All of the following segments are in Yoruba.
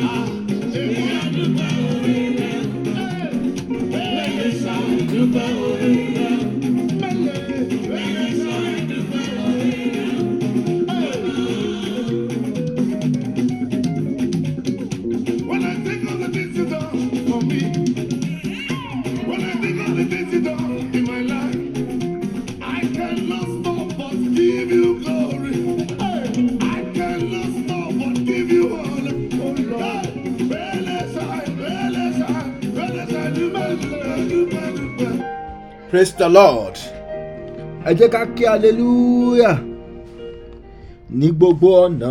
Hallelujah. Praise the Lord. Ẹ jẹ́ ká kí hallelujah ní gbogbo ọ̀nà.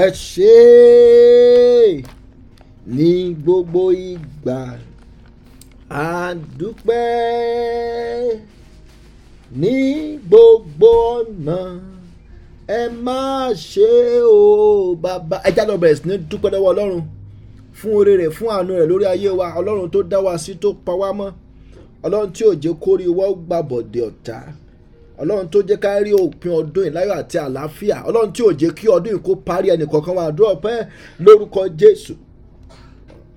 Ẹ ṣé ní gbogbo ìgbà. A dúpẹ́ ní gbogbo ọ̀nà. Ẹ má ṣe o bàbá. Ẹ já lọ bẹ̀rẹ̀ sí ní dúpẹ́ lọ́wọ́ Ọlọ́run. fún oore re fún àánú re lórí ayé wa ọlọ́run tó dá wa sí tó pa wá mọ́ ọlọ́run tí ò jẹ́ kórí wa bọ̀dẹ̀ ọ̀tá ọlọ́run tó jẹ́ ká rí òpin ọdún yìí láyọ̀ àti àlàáfíà ọlọ́run tí ò jẹ́ kí ọdún yìí kó parí ẹnìkọ̀ọ̀kan pẹ́ lórúkọ jésù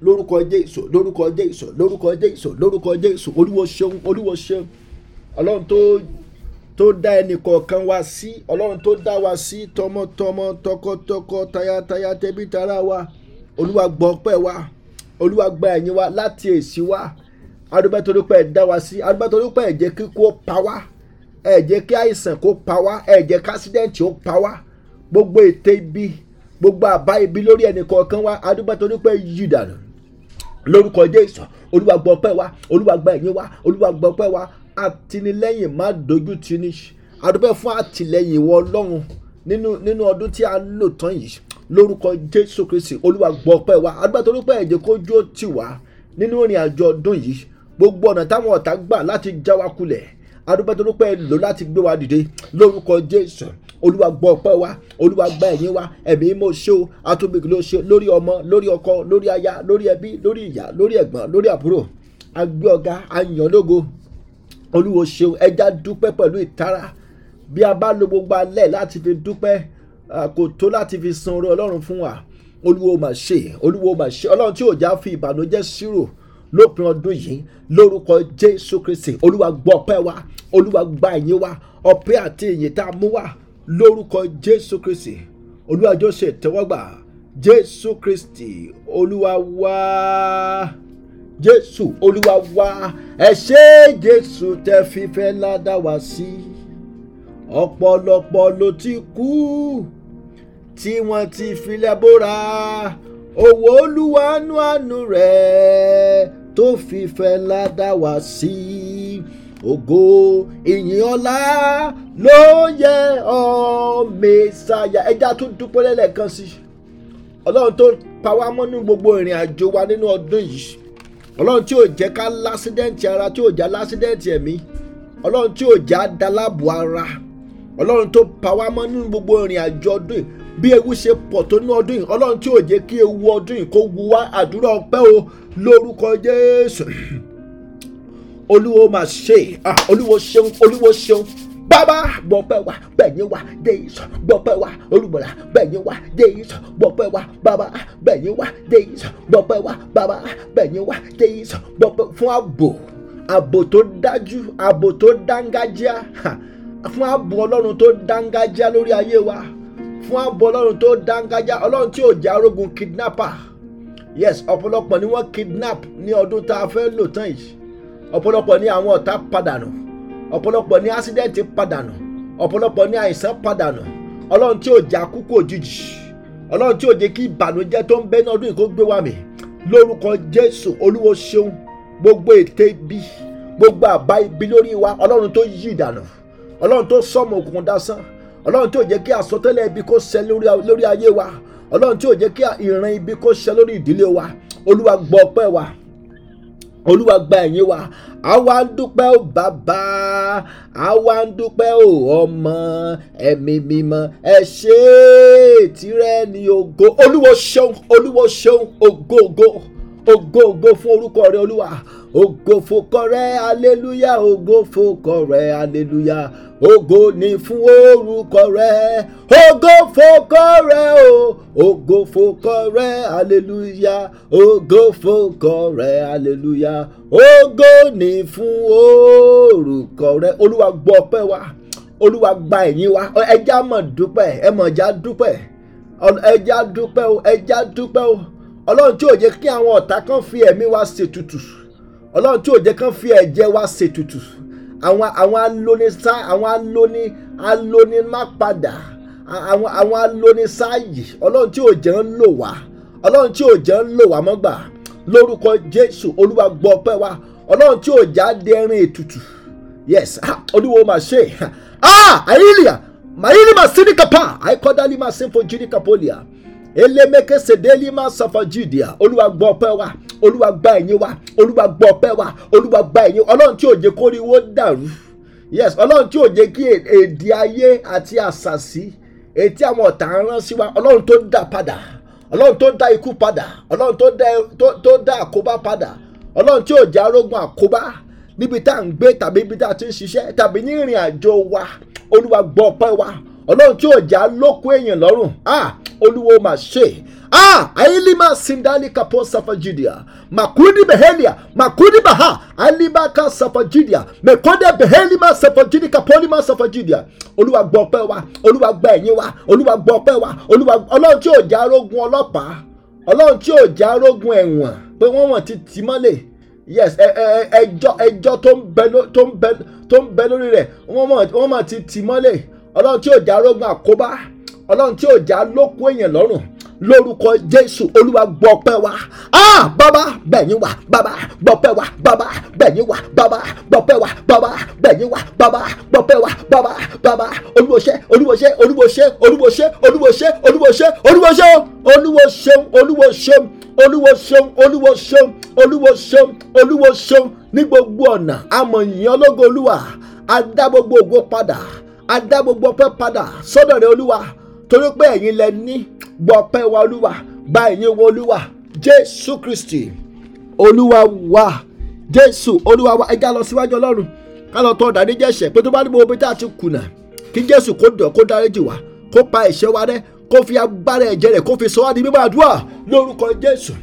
lórúkọ jésù lórúkọ jésù lórúkọ jésù lórúkọ jésù olúwo ṣeun olúwo ṣeun ọlọ́run tó tó dá ẹnìkọ̀ọ̀kan wa sí ọlọ́run tó dá wa sí tọmọtọmọ tọkọtọkọ tayátayá tẹbítara wa. olúwa gbọ́ ọpẹ́ wa olúwa gba ẹ̀yìn wa láti èsì wa adúpẹ́ torí pé ẹ̀ dá wa sí adúpẹ́ torí pé ẹ̀ jẹ́ kí pa wá ẹ̀ kí àìsàn kó pa wá ẹ̀ kí accident ó pa wá gbogbo ète ibi gbogbo àbá ibi lórí ẹnì kọ̀ọ̀kan wa adúpẹ́ torí pé yí dànù lórúkọ Jésù olúwa gbọ́ ọpẹ́ wa olúwa gba ẹ̀yìn wa olúwa gbọ́ ọpẹ́ wa àtinilẹ́yìn má dojú tini adúpẹ́ fún àtìlẹ́yìn ìwọ ọlọ́run nínú nínú ọdún tí a lò tán yìí lórúkọ jésù kristi olúwa gbọ́ ọpẹ́ wa adúgbò torí pé ẹ̀jẹ̀ kójú ó tì wá nínú ìrìn àjò ọdún yìí gbogbo ọ̀nà táwọn ọ̀tá gbà láti já wa kulẹ̀ adúgbò torí pé lò láti gbé wa dìde lórúkọ jésù olúwa gbọ́ ọpẹ́ wa olúwa gba ẹ̀yìn wa ẹ̀mí mo ṣe o atúbìkì ló ṣe lórí ọmọ lórí ọkọ lórí aya lórí ẹbí lórí ìyá lórí ẹ̀gbọ́n lórí àbúrò agbé ọ̀gá ayànlógo olúwo ṣeun ẹja dúpẹ́ pẹ̀lú ìtara bí a bá lo gbogbo alẹ́ láti fi dúpẹ́ kò tó láti fi san oore ọlọ́run fún wa olúwo mà ṣe olúwo mà ṣe ọlọ́run tí ò já fi ìbànújẹ́ ṣírò lópin ọdún yìí lórúkọ jésù kristi olúwa gbọ́ ọpẹ́ wa olúwa gba ìyìn wa ọpẹ́ àti ìyìn tá a mú wá lórúkọ jésù kristi olúwa jọ ṣe ìtẹ́wọ́gbà jésù kristi olúwa wá jésù olúwa wá ẹ ṣé jésù tẹ́ fífẹ́ ládàá wá sí ọ̀pọ̀lọpọ̀ ló ti kú tí wọ́n ti filẹ̀ bóra òwò olúwanú àánú rẹ̀ tó fìfẹ́ ńlá dá wá sí i ògo ìyìn ọlá ló yẹ ọ mẹsàyà ẹja tó dúpẹ́ lẹ́lẹ́kan sí ọlọ́run tó pa wá mọ́ nínú gbogbo ìrìn àjò wa nínú ọdún yìí ọlọ́run tí ò jẹ́ ká lásídẹ́ǹtì ara tí ò já lásídẹ́ǹtì ẹ̀mí ọlọ́run tí ò já dalábò ara ọlọ́run tó pa wá mọ́ nínú gbogbo ìrìn àjò ọdún yìí bí ewu ṣe pọ̀ tó ní ọdún yìí ọlọ́run tí ò jẹ́ kí ewu ọdún yìí kó wu wá àdúrà ọpẹ́ o lórúkọ jésù olúwo máa ṣe olúwo ṣeun olúwo ṣeun bàbá gbọpẹ́ wa gbẹ̀yìn wa dé ìsọ̀ wa olùgbọ̀là gbẹ̀yìn wa dé ìsọ̀ wa bàbá gbẹ̀yìn wa dé ìsọ̀ wa bàbá gbẹ̀yìn wa dé ìsọ̀ gbọpẹ́ fún ààbò ààbò tó dájú ààbò tó dángájá fún ààbò ọlọ́run tó dángájá lórí ayé wa fún ààbò ọlọ́run tó dángájá ọlọ́run tí ò jẹ́ arógun kidnapper yes ọ̀pọ̀lọpọ̀ ni wọ́n kidnap ní ọdún tá a fẹ́ lò tán yìí ọ̀pọ̀lọpọ̀ ni àwọn ọ̀tá padànù ọ̀pọ̀lọpọ̀ ni accident padànù ọ̀pọ̀lọpọ̀ ni àìsàn padànù ọlọ́run tí ò jẹ́ akúkú òjijì ọlọ́run tí ò jẹ́ kí ìbànújẹ́ tó ń bẹ ní ọdún yìí kó gbé wá mi lórúkọ jésù olúwo ṣeun gbogbo ète ibi gbogbo àbá ibi lórí wa ọlọ́run tó yí ìdànù ọlọ́run tó sọmọ òkùnkùn dasán ọlọ́run tí ò jẹ́ kí àsọtẹ́lẹ̀ ibi kó ṣẹ lórí ayé wa ọlọ́run tí ò jẹ́ kí ìran ibi kó ṣẹ lórí ìdílé wa olúwa gbọ́ ọpẹ́ wa olúwa gba ẹ̀yìn wa àwa ń dúpẹ́ ó bàbá àwa ń dúpẹ́ ó ọmọ ẹ̀mí mímọ́ ẹ ṣé tìrẹ ni ògo olúwo ṣeun olúwo ṣeun ògo ògo ògo ògo fún orúkọ rẹ olúwa ògo fòkọ rẹ aleluya ògo fòkọ rẹ aleluya ògo ni fún orúkọ rẹ ògo o ògo fòkọ rẹ aleluya ògo fòkọ rẹ aleluya ògo ni fún orúkọ rẹ olúwa gbọ́ ọpẹ́ wa olúwa gba ẹ̀yìn wa ẹja mọ̀ dúpẹ́ ẹ mọ̀ já dúpẹ́ ẹja dúpẹ́ o ẹja dúpẹ́ o ọlọ́run tí ò jẹ́ kí àwọn ọ̀tá kan fi ẹ̀mí wa ṣètùtù ọlọ́run tí ò jẹ́ kán fi ẹ̀jẹ̀ wa ṣètùtù àwọn àwọn alóni sá àwọn alóni alóni má padà àwọn àwọn alóni sáàyè ọlọ́run tí ò jẹ́ ń lò wá ọlọ́run tí ò jẹ́ ń lò wá mọ́gbà lórúkọ jésù olúwa gbọ́ ọpẹ́ wa ọlọ́run tí ò já dẹrin ètùtù yes olúwo mà ṣe ah àyílíà màyílí mà sí ní kapa àìkọ́dálí mà sí fojì ní kapolia elémeke sedeli máa sọfọ judea olúwa gbọ́ ọpẹ́ wa olúwa gba ẹ̀yìn wa olúwa gbọ́ ọpẹ́ wa olúwa gba ẹ̀yìn ọlọ́run tí òjè kóríwó dàrú yes ọlọ́run tí òjè kí èdè ayé àti àṣàṣì ètí àwọn ọ̀tá ń rán sí wa ọlọ́run tó dá padà ọlọ́run tó dá ikú padà ọlọ́run tó dá àkóbá padà ọlọ́run tí òjè arógun àkóbá níbi tá à ń gbé tàbí ibi tá a ti ń ṣiṣẹ́ tàbí ní ìrìn àjò wa olúwa gbọ́ ọpẹ́ wa ọlọ́run tí òjà lókun èèyàn lọ́rùn ah olúwo mà ṣe ah ayélujá sindalika pọ safajidia makudi behelia makudi baha alibaka safajidia mekode behelima safajidika pọlima safajidia olúwa gbọ́ ọpẹ́ wa olúwa gba ẹ̀yìn wa olúwa gbọ́ ọpẹ́ wa olúwa ọlọ́run tí òjà arógun ọlọ́pàá ọlọ́run tí òjà arógun ẹ̀wọ̀n pé wọ́n wọ̀n ti tì mọ́lẹ̀ yes ẹjọ́ ẹjọ́ tó ń bẹ lórí rẹ̀ wọ́n mọ̀ ti tì mọ́lẹ̀ ọlọ́run tí ò já rógun àkóbá ọlọ́run tí ò já lókun èèyàn lọ́rùn lórúkọ jésù olúwa gbọpẹ́ wa ah bàbá bẹ̀yìn wa bàbá gbọpẹ́ wa bàbá bẹ̀yìn wa bàbá gbọpẹ́ wa bàbá bẹ̀yìn wa bàbá gbọpẹ́ wa bàbá bàbá olúwoṣẹ́ olúwoṣẹ́ olúwoṣẹ́ olúwoṣẹ́ olúwoṣẹ́ olúwoṣẹ́ olúwoṣẹ́ olúwoṣẹ́ olúwoṣẹ́ olúwoṣẹ́ olúwoṣẹ́ olúwoṣẹ́ olúwoṣẹ́ ní gbogbo ọ̀nà amọ̀yìn ọlọ́gọ́ olúwa adá gbogbo ògo padà a dá gbogbo ọpẹ́ padà sọ́dọ̀ rẹ olúwa torí pé ẹ̀yin lẹ ní gbọ́ ọpẹ́ wa olúwa gba ẹ̀yin wo olúwa jésù kristi olúwa wa jésù olúwa wa ẹja lọ síwájú ọlọ́run ká lọ tọ́ ọ̀dàdí jẹ́sẹ̀ pé tó bá ní gbogbo ibi tá a ti kùnà kí jésù kó dọ̀ kó dáríjì wá kó pa ẹ̀ṣẹ̀ wa rẹ́ kó fi agbára ẹ̀jẹ̀ rẹ̀ kó fi sọ wá di mímọ́ àdúrà lórúkọ jésù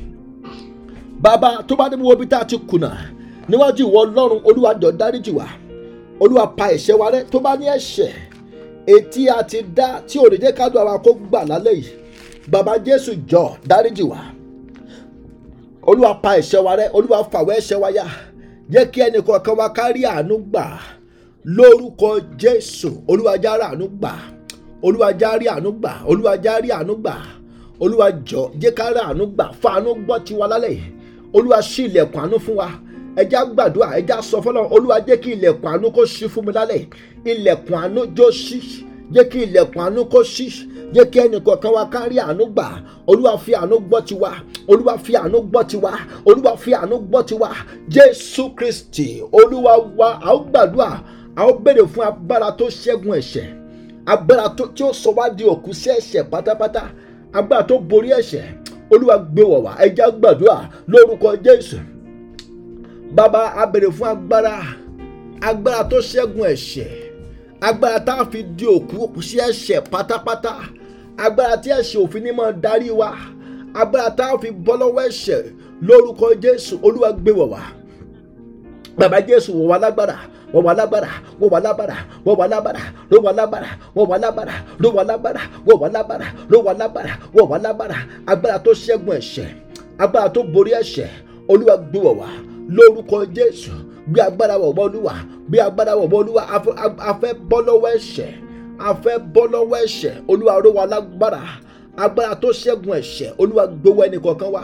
bàbá tó bá ní gbogbo tá a ti kùnà níwájú ìwọ ọlọ́run olúwa dọ̀ dáríjì wá olúwa pa ẹ̀ṣẹ̀ wa rẹ́ tó bá ní ẹ̀ṣẹ̀ etí a ti dá tí ò ní jẹ́ ká dùn àwọn kó gbà lálẹ́ yìí bàbá jésù jọ dáríjì wá olúwa pa ẹ̀ṣẹ̀ wa rẹ́ olúwa fàwọ́ ẹ̀ṣẹ̀ wa yá jẹ́ kí ẹnì kọ̀ọ̀kan wa kárí àánú gbà lórúkọ jésù olúwa járe àánú gbà olúwa járe àánú gbà olúwa járe àánú gbà olúwa jọ jẹ́ ká rí àánú gbà fàánú gbọ́ tiwa lálẹ́ yìí olúwa ṣí ilẹ̀kùn àánú fún wa ẹjá gbàdúrà ẹjá sọ fọlọ́run olúwa jẹ́ kí ilẹ̀kùn àánú kó ṣí fún mi lálẹ́ ilẹ̀kùn àánú jó ṣí jẹ́ kí ilẹ̀kùn àánú kó ṣí jẹ́ kí ẹnì kọ̀ọ̀kan wa kárí àánú gbà olúwa fi àánú gbọ́ tiwa olúwa fi àánú gbọ́ tiwa olúwa fi àánú gbọ́ tiwa jésù kristi olúwa wa a gbàdúrà a ó fún agbára tó ṣẹ́gun ẹ̀ṣẹ̀ agbára tí ó sọ wá di òkú sí ẹ̀ṣẹ̀ pátápátá agbára tó borí ẹ̀ṣẹ̀ olúwa gbé wọ̀ wá ẹja gbàdúrà lórúkọ jésù bàbá a béèrè fún agbára agbára tó ṣẹ́gun ẹ̀ṣẹ̀ agbára tá a fi di òkú sí ẹ̀ṣẹ̀ pátápátá agbára tí ẹ̀ṣẹ̀ òfin ní máa darí wa agbára tá a fi bọ́ lọ́wọ́ ẹ̀ṣẹ̀ lórúkọ Jésù Olúwa gbé wọ̀ wá bàbá jésù wọ̀ wá lágbára wọ̀ wá lágbára wọ̀ wá lágbára wọ̀ wá lágbára ló wá lágbára wọ̀ wá lágbára ló wá lágbára wọ̀ wá lágbára ló wá lágbára wọ̀ wá lágbára agbára tó ṣẹ́gun ẹ̀ṣẹ̀ agbára tó borí ẹ̀ṣẹ̀ olúwa gbé wọ̀ wá lórúkọ jésù bí agbára wọ̀ bọ́ olúwa bí agbára wọ̀ bọ́ olúwa afẹ́ bọ́ lọ́wọ́ ẹ̀ṣẹ̀ afẹ́ bọ́ lọ́wọ́ ẹ̀ṣẹ̀ olúwa ró wa lágbára agbára tó ṣẹ́gun ẹ̀ṣẹ̀ olúwa gbowó ẹnì kọ̀ọ̀kan wa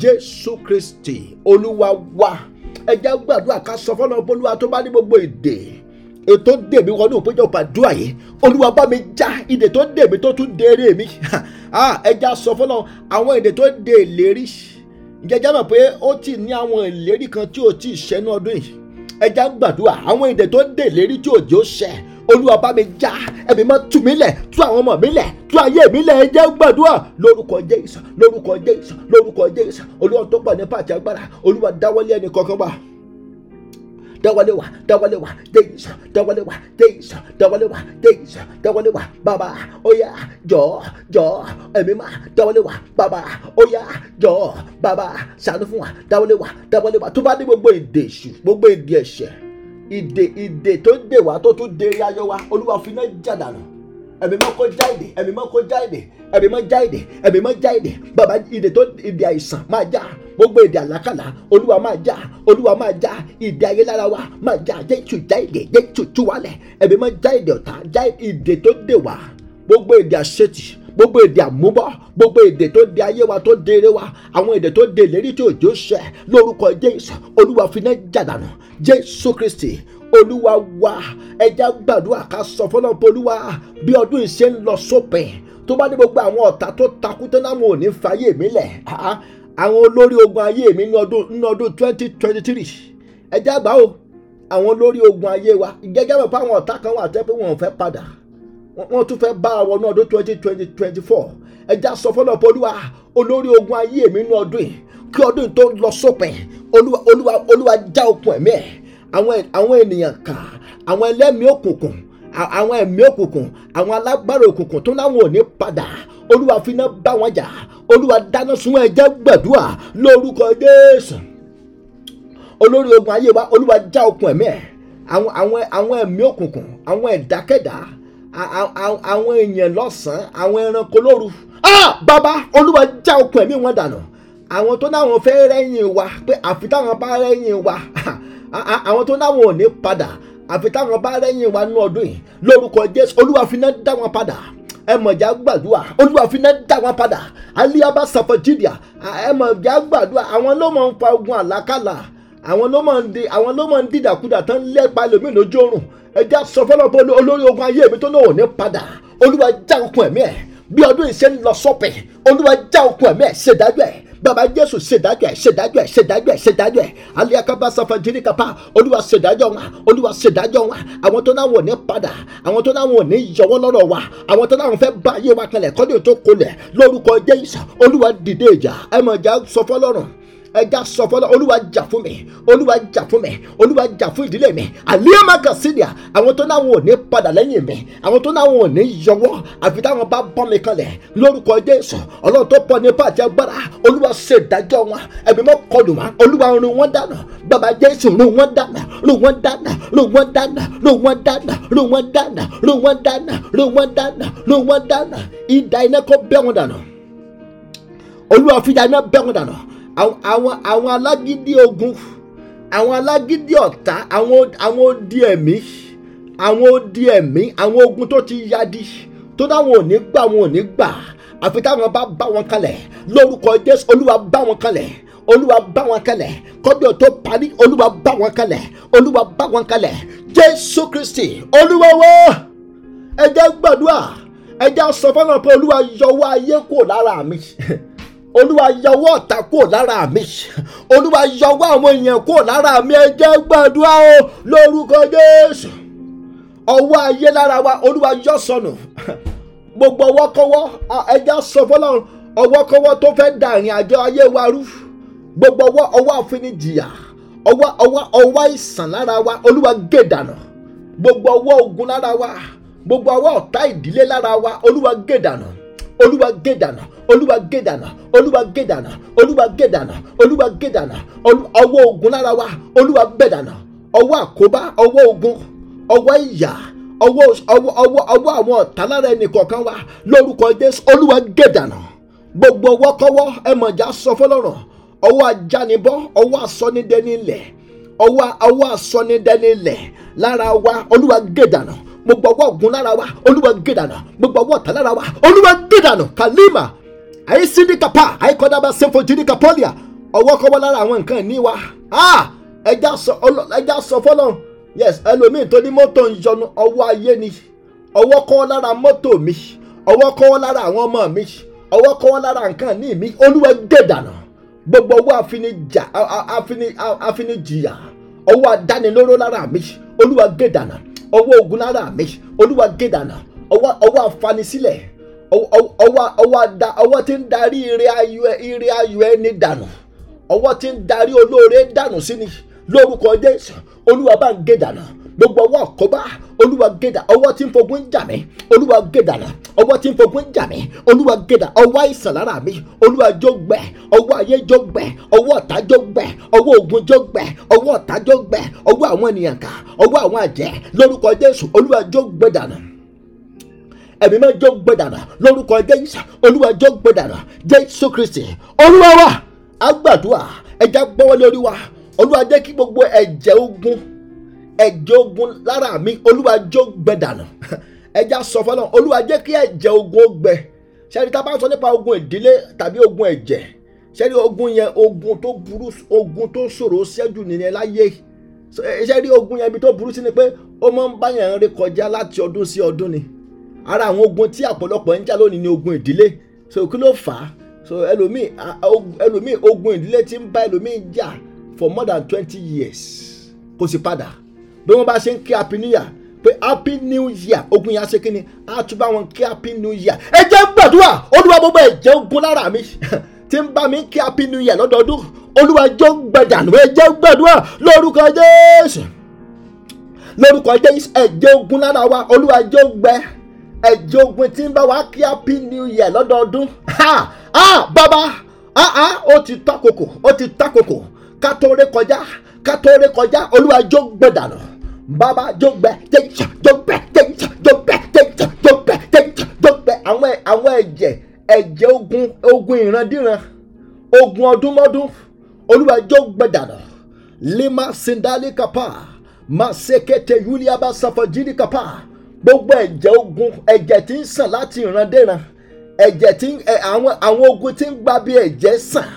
jésù kristi olúwa wa ẹjẹ́ gbàdúrà ká sọ fọ́nà olúwa tó bá ní gbogbo èdè ètò dèmí wọnú ìpéjọpọ̀ àdúrà yìí olúwa bá mi já ìdè tó dèmí tó tún dèrè mi ah, ẹjẹ́ sọ fọ́nà àwọn èdè tó dè lérí jẹjẹ mọ̀ pé ó ti ní àwọn ìlérí kan tí ò tí ì ṣẹ́nu ọdún yìí ẹja ń gbàdúrà àwọn èdè tó ń dè lérí tí òjò ṣẹ olúwa bá mi já ẹ̀mí mọ́ tù mí lẹ̀ tú àwọn ọmọ mi lẹ̀ tú ayé mi lẹ̀ ẹjẹ́ gbàdúrà lórúkọ Jésù lórúkọ Jésù lórúkọ Jésù olúwa tó pọ̀ nípa agbára olúwa dáwọ́lé ẹnì kankan wà dáwọ́léwà dáwọ́léwà jésù dáwọ́léwà jésù dáwọ́léwà jésù dáwọ́léwà bàbá óyá jọ̀ọ́ jọ̀ọ́ ẹ̀mí mà dáwọ́léwà bàbá óyá jọ̀ọ́ baba, ṣàánú fún wa dáwọ́léwà dáwọ́léwà tó bá dé gbogbo ìdè èṣù gbogbo ìdè ẹ̀ṣẹ̀ ìdè ìdè tó dè wá tó tún dè ayọ̀ wa olúwa fi náà jàdànù ẹ̀mí mọ́ kó jáde ẹ̀mí mọ́ kó jáde ẹ̀mí mọ́ jáde ẹ̀mí mọ́ jáde bàbá ìdè tó ìdè àìsàn máa já gbogbo ìdè àlákàlà olúwa máa já olúwa máa já ìdè ayélujára wa máa já jésù já ìdè jésù tú wálẹ̀ ẹ̀mí mọ́ já ìdè ọ̀tá já ìdè tó dè wá gbogbo ìdè àṣetì gbogbo èdè àmúbọ̀ gbogbo èdè tó de ayé wa tó de eré wa àwọn èdè tó de ìlérí tí òjò ṣẹ lórúkọ jésù olúwa finá jàdánù jésù kristi olúwa wa ẹja gbàdúrà ká sọ fọlọ́n polúwa bí ọdún ìṣe ń lọ sópin tó bá ní gbogbo àwọn ọ̀tá tó takú tó náà mò ní fàyè mi lẹ̀ àwọn olórí ogun ayé mi ní ọdún ní ọdún twenty twenty three ẹja gbà o àwọn olórí ogun ayé wa gẹ́gẹ́ bá àwọn ọ̀tá kan wà tẹ́ pé wọ́n fẹ́ padà wọ́n tún fẹ́ bá wọnú ọdún twenty twenty twenty four ẹja sọ fọlọ́ pọ̀lúwa olórí ogun ayé mi nú ọdún yìí kí ọdún tó lọ sópin olúwa olúwa olúwa já okùn ẹ̀mí ẹ̀ àwọn ènìyàn kà àwọn ẹlẹ́mìí òkùnkùn àwọn ẹ̀mí òkùnkùn àwọn alágbára òkùnkùn tó láwọn ò ní padà olúwa finá bá wọn jà olúwa dáná sun ẹjẹ gbàdúrà lórúkọ jésù olórí ogun ayé wa olúwa já okùn ẹ̀mí ẹ̀ àwọn ẹ̀mí òkùnkùn àwọn ẹ̀dákẹ́dàá àwọn èèyàn lọ́sàn-án àwọn ẹranko lóru bàbá olúwa já okùn ẹ̀mí wọn dànù àwọn tó náwọn fẹ́ rẹ́yìn wa pé àfi táwọn bá rẹ́yìn wa àwọn tó náwọn ò ní padà àfi táwọn bá rẹ́yìn wa nú ọdún yìí lórúkọ jésù olúwa fi náà dá wọn padà ẹmọ̀já gbàdúrà olúwa fi náà dá wọn padà aliaba safajidia ẹmọ̀já gbàdúrà àwọn ló mọ̀ ń pa ogun àlákàlà àwọn ló máa ń di àwọn ló máa ń dìdàkudà tán lẹ́pa ẹlòmíì lójú oorun ẹjẹ́ sọ fọlọ́pọ̀ olórí ogun ayé mi tó lóun ní padà olúwa já okun ẹ̀mí ẹ̀ bí ọdún yìí ṣe ń lọ sọ́pẹ̀ olúwa já okun ẹ̀mí ẹ̀ ṣèdájọ́ ẹ̀ bàbá jésù ṣèdájọ́ ẹ̀ ṣèdájọ́ ẹ̀ ṣèdájọ́ ẹ̀ ṣèdájọ́ ẹ̀ aliakaba safanjiri kapa olúwa ṣèdájọ́ wa olúwa ṣèdájọ́ wa àwọn tó náwó ní padà àwọn tó náwó ní yọwọ́ lọ́rọ̀ wa àwọn tó náwó fẹ́ bá ayé wa kalẹ̀ kọ́dé tó kolẹ̀ lórúkọ jésù olúwa dìde ìjà ẹ̀ mọ̀ já sọ fọlọ́run ẹja sọ fọlọ́ olúwa jà fún mi olúwa jà fún mi olúwa jà fún ìdílé mi àlíyé má kàn sí ni à àwọn tó náà wọn ò ní padà lẹ́yìn mi àwọn tó náà wọn ò ní yọwọ́ àfi táwọn bá bọ́ mi kanlẹ̀ lórúkọ Jésù ọlọ́run tó pọ̀ nípa àti agbára olúwa ṣe ìdájọ́ wọn ẹ̀mí mọ́ kọlù wọn olúwa run wọn dànù bàbá Jésù run wọn dànù run wọn dànù run wọn dànù run wọn dànù run wọn dànù run wọn dànù run wọn dànù run wọn dànù ìdá iná kó bẹ́ wọn dànù olúwa fìdá iná bẹ́ wọn dànù àwọn àwọn alágídí ogun àwọn alágídí ọ̀tá àwọn àwọn odi ẹ̀mí àwọn odi ẹ̀mí àwọn ogun tó ti yadi tó dáwọn ò ní gbà wọn ò ní gbà àfi táwọn bá bá wọn kalẹ̀ lórúkọ Jésù Olúwa bá wọn kalẹ̀ Olúwa bá wọn kalẹ̀ kọ́dọ̀ tó parí Olúwa bá wọn kalẹ̀ Olúwa bá wọn kalẹ̀ Jésù Kristi Olúwa wá ẹ jẹ́ gbàdúrà ẹ jẹ́ sọ fọlọ́pọ̀ Olúwa yọwọ́ ayé kò lára mi. olúwa yọwọ́ ọ̀tá kúrò lára mi olúwa yọwọ́ àwọn èèyàn kúrò lára mi ẹ jẹ́ gbàdúrà o lórúkọ jésù ọwọ́ ayé lára wa olúwa yọ sọnù gbogbo ọwọ́kọ́wọ́ ẹ jẹ́ sọ fọlọ́run ọwọ́kọ́wọ́ tó fẹ́ da ìrìn àjò ayé wa rú gbogbo ọwọ́ ọwọ́ àfinijìyà ọwọ́ ọwọ́ ọwọ́ ìsàn lára wa olúwa gé dànù gbogbo ọwọ́ ogun lára wa gbogbo ọwọ́ ọ̀tá ìdílé lára wa olúwa gé dànù olúwa gé dànù olúwa gé dànù olúwa gé dànù olúwa gé dànù olúwa gé dànù ọwọ́ ogun lára wa olúwa bẹ̀ dànù ọwọ́ àkóbá ọwọ́ ogun ọwọ́ ìyà ọwọ́ ọwọ́ ọwọ́ ọwọ́ àwọn ọ̀tá lára ẹnì kọ̀ọ̀kan wa lórúkọ jésù olúwa gé dànù gbogbo ọwọ́kọ́wọ́ ẹmọ̀já sọ fọlọ́run ọwọ́ ajánibọ́ ọwọ́ asọ́nidẹ́ni ilẹ̀ ọwọ́ ọwọ́ lára wa olúwa gé dànù mo gbọ́ ọwọ́ ògùn lára wa olúwa gé dànù mo gbọ́ ọwọ́ ọ̀tá lára wa olúwa gé dànù kàlímà àyè síndìkàpá àyè kọ́dàbà sẹ́fọ̀jìdìkà pọ́lìà ọwọ́ kọ́wọ́ lára àwọn nǹkan ní wa ẹja sọ fọlọ́n yes ẹlòmíì tó ní mọ́tò ń yọnu ọwọ́ ayé ni ọwọ́ kọ́wọ́ lára mọ́tò mi ọwọ́ kọ́wọ́ lára àwọn ọmọ mi ọwọ́ kọ́wọ́ lára nǹkan ní mi olúwa gé dànù gbogbo ọwọ́ afinijìyà ọwọ́ adánilóró lára mi olúwa gé dànù ọwọ́ ogun lára mi olúwa gé dànù ọwọ́ afanisílẹ̀ ọwọ́ tí ń darí ire ayọ̀ ẹni dànù ọwọ́ tí ń darí olóore dànù sí ni lórúkọ Jésù olúwa bá ń gé gbogbo ọwọ́ àkóbá olúwa gèdà ọwọ́ tí ń fogun jà mí olúwa gèdà náà ọwọ́ tí ń fogun jà mí olúwa gèdà ọwọ́ àìsàn lára mi olúwa jó gbẹ ọwọ́ ayé jó gbẹ ọwọ́ ọ̀tá jó gbẹ ọwọ́ ogun jó gbẹ ọwọ́ ọ̀tá jó gbẹ ọwọ́ àwọn ènìyàn kà ọwọ́ àwọn àjẹ́ lórúkọ jésù olúwa jó gbẹ dànù ẹ̀mí máa jó gbẹ dànù lórúkọ jésù olúwa jó gbẹ dànù jésù kristi olúwa wa agbàdúrà ẹja gbọ́wọ́ lórí olúwa jẹ́ kí gbogbo ẹ̀jẹ̀ ogun ẹ̀jẹ̀ ogun lára mi olúwa jó gbẹ dànù ẹ̀jẹ̀ sọ fọlọ́ olúwa jẹ́ kí ẹ̀jẹ̀ ogun gbẹ ṣẹ́ni tá a bá sọ nípa ogun ìdílé tàbí ogun ẹ̀jẹ̀ ṣẹ́ni ogun yẹn ogun tó burú ogun tó ṣòro ṣẹ́jú nìyẹn láyé ṣẹ́ni ogun yẹn ibi tó burú sí ni pé ó máa ń báyàn ré kọjá láti ọdún sí ọdún ni ara àwọn ogun tí àpọ̀lọpọ̀ ń jà lónìí ni ogun ìdílé so kí ló fà á so ẹlòmíì ẹlòmíì ogun ìdílé ti ń bá ẹlòmíì jà for more than twenty years kò sì padà bí wọ́n bá ṣe ń kí happy new year pé happy new year ogun á kí ni á tún bá wọn kí happy new year ẹ jẹ́ gbogbo ẹ̀jẹ̀ ogun lára mi ti ń bá mi kí happy new year lọ́dọọdún olúwa jọ̀ọ́ gbàdànù ẹ jẹ́ gbàdúrà lórúkọ jésù lórúkọ lára wa olúwa gbẹ ẹ̀jẹ̀ ogun ń bá wa kí happy ha ha bàbá ha ha ti takoko ti takoko ká tó ré kọjá olúwa jó gbẹdànù bàbá jó gbẹ jẹjọ jó gbẹ jẹjọ jó gbẹ jẹjọ jó gbẹ jẹjọ jó gbẹ àwọn àwọn ẹ̀jẹ̀ ẹ̀jẹ̀ ogun ogun ìrandíran ogun ọdúnmọ́dún olúwa jó gbẹdànù lima sindali kapa masekete yuliaba safajiri kapa gbogbo ẹ̀jẹ̀ ogun ẹ̀jẹ̀ tí ń sàn láti ìrandíran ẹ̀jẹ̀ tí àwọn àwọn ogun tí ń gba bí ẹ̀jẹ̀ sàn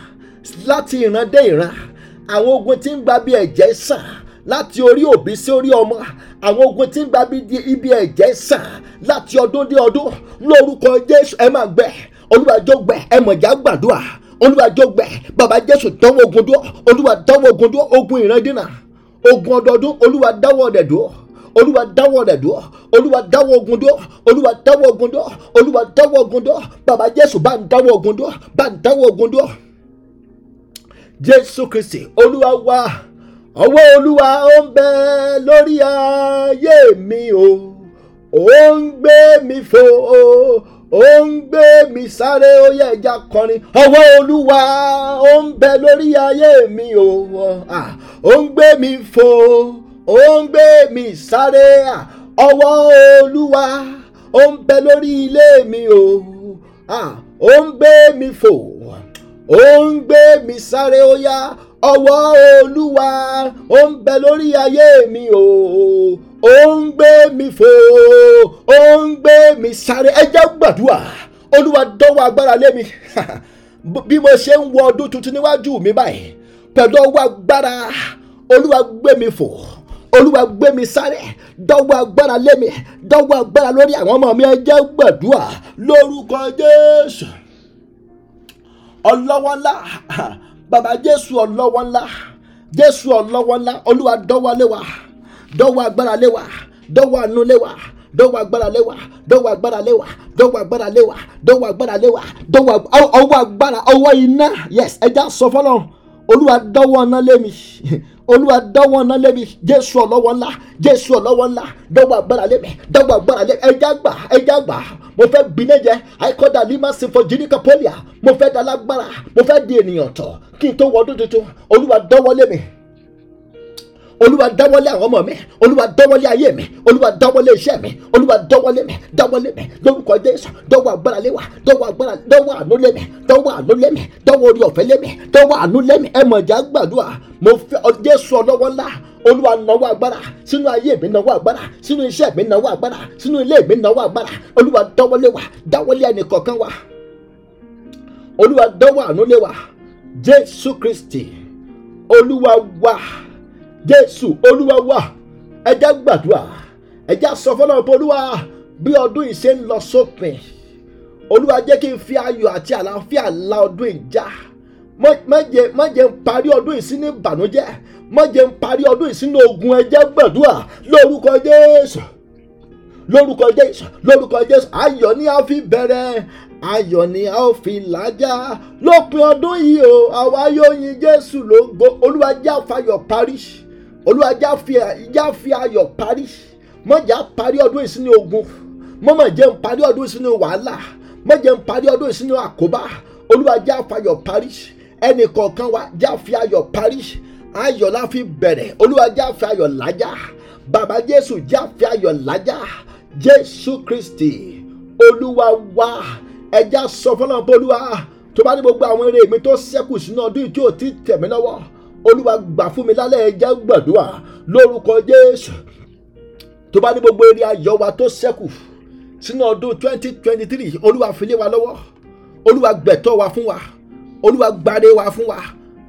láti ìran ìran àwọn ogun tí ń gba bí ẹ̀jẹ̀ sàn láti orí òbí sí orí ọmọ àwọn ogun tí ń gba ibi ẹ̀jẹ̀ sàn láti ọdún dé ọdún lórúkọ jésù ẹ máa gbẹ olùwàjọgbẹ ẹ mọ̀já gbàdúrà olùwàjọgbẹ bàbá jésù dánwó ogun dúró olúwa dánwó ogun dúró ogun ìrandínà ogun ọdọọdún olúwa dáwọ́ rẹ̀ dúró olúwa dáwọ́ rẹ̀ dúró olúwa dáwọ́ ogun dúró olúwa dáwọ́ ogun dúró olúwa dáwọ́ ogun dúró bàbá jésù bá ń dáwọ́ ogun dúró bá ń dáwọ́ ogun dúró jésù kristi olúwa wa ọwọ́ olúwa ó ń bẹ lórí ayé mi o ó ń gbé mi fò o ó ń gbé mi sáré ó yẹ ẹja kọrin ọwọ́ olúwa ó ń bẹ lórí ayé mi o ó ń gbé mi fò ó ń gbé mi sáré ọwọ́ olúwa ó ń bẹ lórí ilé mi o ó ń gbé mi fò ó ń gbé mi sáré ó yá ọwọ́ olúwa ó ń bẹ lórí ayé mi o ó ń gbé mi fò ó ń gbé mi sáré ẹ jẹ́ gbàdúrà olúwa dọ́wọ́ agbára lé mi bí mo ṣe ń wọ ọdún tuntun níwájú mi báyìí pẹ̀lú ọwọ́ agbára olúwa gbé mi fò olúwa gbé mi sáré dọ́wọ́ agbára lé mi dọ́wọ́ agbára lórí àwọn ọmọ mi ẹ gbàdúrà lórúkọ jésù ọlọ́wọ́ ńlá bàbá jésù ọlọ́wọ́ ńlá jésù ọlọ́wọ́ ńlá olúwa dọ́wọ́ lé wa dọ́wọ́ agbára lé wa dọ́wọ́ àánú lé wa dọ́wọ́ agbára lé wa dọ́wọ́ agbára lé wa dọ́wọ́ agbára lé wa dọ́wọ́ agbára lé dọ́wọ́ ọwọ́ agbára ọwọ́ iná yes ẹja sọ fọlọ́ olúwa dọ́wọ́ iná lé mi olúwa dọ́wọ́ ná lébi jésù ọlọ́wọ́ ńlá jésù ọlọ́wọ́ ńlá dọ́wọ́ agbára lébi dọ́wọ́ agbára lébi ẹja gbà ẹja gbà mo fẹ́ gbiná jẹ àìkọ́dà lima sinfọ̀jìnìkà pọ́lìà mo fẹ́ dalágbára mo fẹ́ di ènìyàn tọ̀ kí n tó wọ́dún tuntun olúwa dọ́wọ́ lébi olúwa dáwọ́lé àwọn ọmọ mi olúwa dáwọ́lé ayé mi olúwa dáwọ́lé iṣẹ́ mi olúwa dáwọ́lé mi dáwọ́lé mi lórúkọ jésù dọ́wọ́ agbára lé wa dọ́wọ́ agbára dọ́wọ́ àánú lé mi dọ́wọ́ àánú lé mi dọ́wọ́ orí ọ̀fẹ́ lé mi dọ́wọ́ àánú lé mi ẹ mọ̀ jà gbàdúrà mo fẹ́ jésù ọlọ́wọ́ ńlá olúwa nawọ́ agbára sínú ayé mi nawọ́ agbára sínú iṣẹ́ mi nawọ́ agbára sínú ilé mi nawọ́ agbára olúwa dáwọ́lé wa dáwọ́lé ẹnì kọ̀ọ̀kan wa olúwa dọ́wọ́ àánú lé wa jésù kristi olúwa wa jésù olúwa wa ẹjá gbàdúrà ẹjá sọ fọlọ́ olúwa bí ọdún yìí ṣe ń lọ sópin olúwa jẹ́ kí n fi ayọ̀ àti àlàáfíà la ọdún yìí já mọ̀jẹ̀ mọ̀jẹ̀ ń parí ọdún yìí sí ní ìbànújẹ́ mọ̀jẹ̀ ń parí ọdún yìí sí ní ogun ẹjẹ́ gbàdúrà lórúkọ jésù lórúkọ jésù lórúkọ jésù ayọ̀ ni a fi bẹ̀rẹ̀ ayọ̀ ni a ó fi làjà lópin ọdún yìí o àwa yóò yin jésù lógo olúwa jẹ́ àfàyọ̀ parí olúwa já fi já fi ayọ̀ parí mọ̀jà parí ọdún ìsinmi ogun mọ̀mọ̀ jẹ́ ń parí ọdún ìsinmi wàhálà mọ̀jẹ̀ ń parí ọdún ìsinmi àkóbá olúwa já fi ayọ̀ parí ẹnì kọ̀ọ̀kan wa já fi ayọ̀ parí ayọ̀ la fi bẹ̀rẹ̀ olúwa já fi ayọ̀ lájà bàbá jésù já fi ayọ̀ lájà jésù kristi olúwa wa ẹja sọ fọlọ́n pé olúwa tó bá ní gbogbo àwọn eré mi tó ṣẹ́kù sínú ọdún tí ti tẹ̀mí lọ́wọ́ olúwa gbà fún mi lálẹ́ ẹjẹ́ gbàdúrà lórúkọ jésù tó bá ní gbogbo eré ayọ̀ wa tó ṣẹ́kù sínú ọdún twenty twenty three olúwa fi lé wa lọ́wọ́ olúwa gbẹ̀tọ́ wa fún wa olúwa gbàre wa fún wa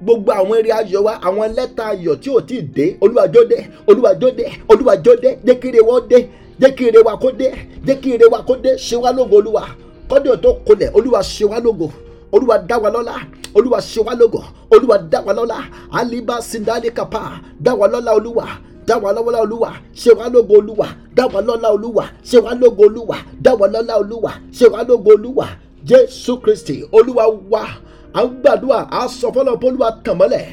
gbogbo àwọn eré ayọ̀ wa àwọn lẹ́tà ayọ̀ tí ò tí ì dé olúwa jó dé olúwa jó dé olúwa jó dé jẹ́ kí wọ́n dé jẹ́ wa kó dé jẹ́ wa kó dé ṣe wá lógo olúwa kọ́dọ̀ tó kolẹ̀ olúwa ṣe wá lógo olúwa dá wa lọ́lá olúwa ṣe wá lógo olúwa dá wa lọ́lá alíbá sindali kapa dá wa lọ́lá olúwa dá wa lọ́wọ́lá olúwa ṣe wá lógo olúwa dá wa lọ́lá olúwa ṣe wá lógo olúwa dá wa lọ́lá olúwa ṣe wá lógo olúwa jésù kristi olúwa wa à ń gbàdúrà à sọ fọlọ́pọ̀ olúwa tàn mọ́lẹ̀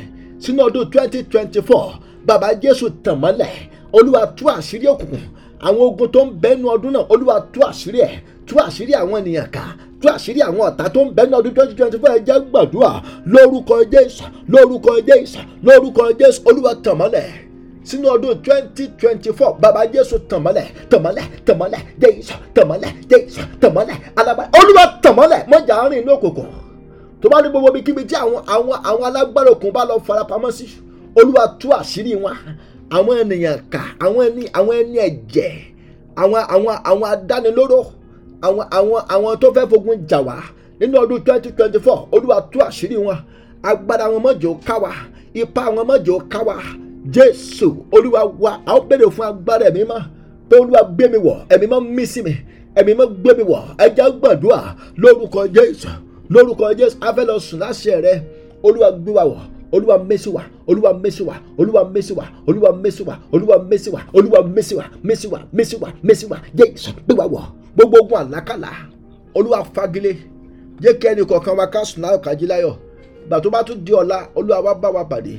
sínú ọdún twenty twenty four bàbá jésù tàn mọ́lẹ̀ olúwa tú àṣírí òkùnkùn àwọn ogun tó ń bẹ́nu ọdún náà olúwa tú àṣírí ẹ̀ tú àṣírí àwọn ènìyàn ká tú àṣírí àwọn ọ̀tá tó ń bẹ ní ọdún twenty twenty four ẹ jẹ́ gbàdúrà lórúkọ jésù lórúkọ jésù lórúkọ jésù olúwa tàn mọ́lẹ̀ sínú ọdún twenty twenty four bàbá jésù tàn mọ́lẹ̀ tàn mọ́lẹ̀ tàn mọ́lẹ̀ jésù tàn mọ́lẹ̀ jésù tàn mọ́lẹ̀ alaba olúwa tàn mọ́lẹ̀ mọ́jà arìn lókòkò tó bá ní gbogbo bí kíbi tí àwọn àwọn àwọn alágbára òkun bá lọ àwọn àwọn àwọn tó fẹ́ fogun jà wá nínú ọdún twenty twenty four olúwa tú àṣírí wọn agbára wọn mọ̀jọ ká wa ipá wọn mọ̀jọ ká wa jésù olúwa wa a ó béèrè fún agbára ẹ̀mí mọ́ pé olúwa gbé mi wọ̀ ẹ̀mí mọ́ mí sí mi ẹ̀mí mọ́ gbé mi wọ̀ ẹja gbàdúrà lórúkọ jésù lórúkọ jésù a fẹ́ lọ sùn láṣẹ rẹ olúwa gbé wa wọ̀ olúwa mẹ́sìwá olúwa mẹ́sìwá olúwa mẹ́sìwá olúwa mẹ́sìwá olúwa mẹ́sìwá olúwa mẹ́sìwá mẹ́sìwá mẹ́sìwá mẹ́sìwá jésù gbégbá wọ̀ gbogbo ogun àlákàlà olúwa fagilé jẹ́ kí ẹnì kọ̀ọ̀kan wa ká sùn láyọ̀ ká jí láyọ̀ gbà tó bá tún di ọ̀la olúwa wa bá wa pàdé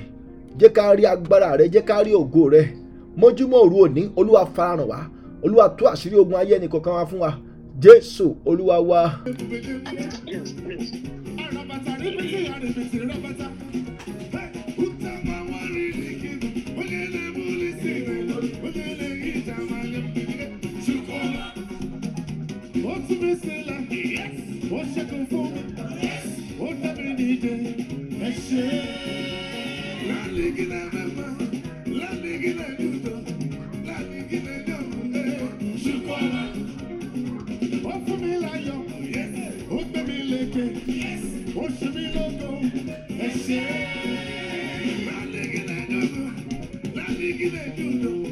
jẹ́ ká rí agbára rẹ jẹ́ ká rí ògo rẹ mójúmọ́ òru òní olúwa farahàn wá olúwa tú àṣírí ogun ayé ẹnì kọ̀ọ̀kan wa fún wa jésù olúwa wa. Priscilla. Yes. Och Chaco Fong. Yes. ota Tabinite. Eshe. La na mama. La na dudo. La ligina dumbe. Chukola. Och Fumilayo. Yes. ota Bemileke. Yes. Och Shumiloko. Eshe. La ligina dudo. La na dudo.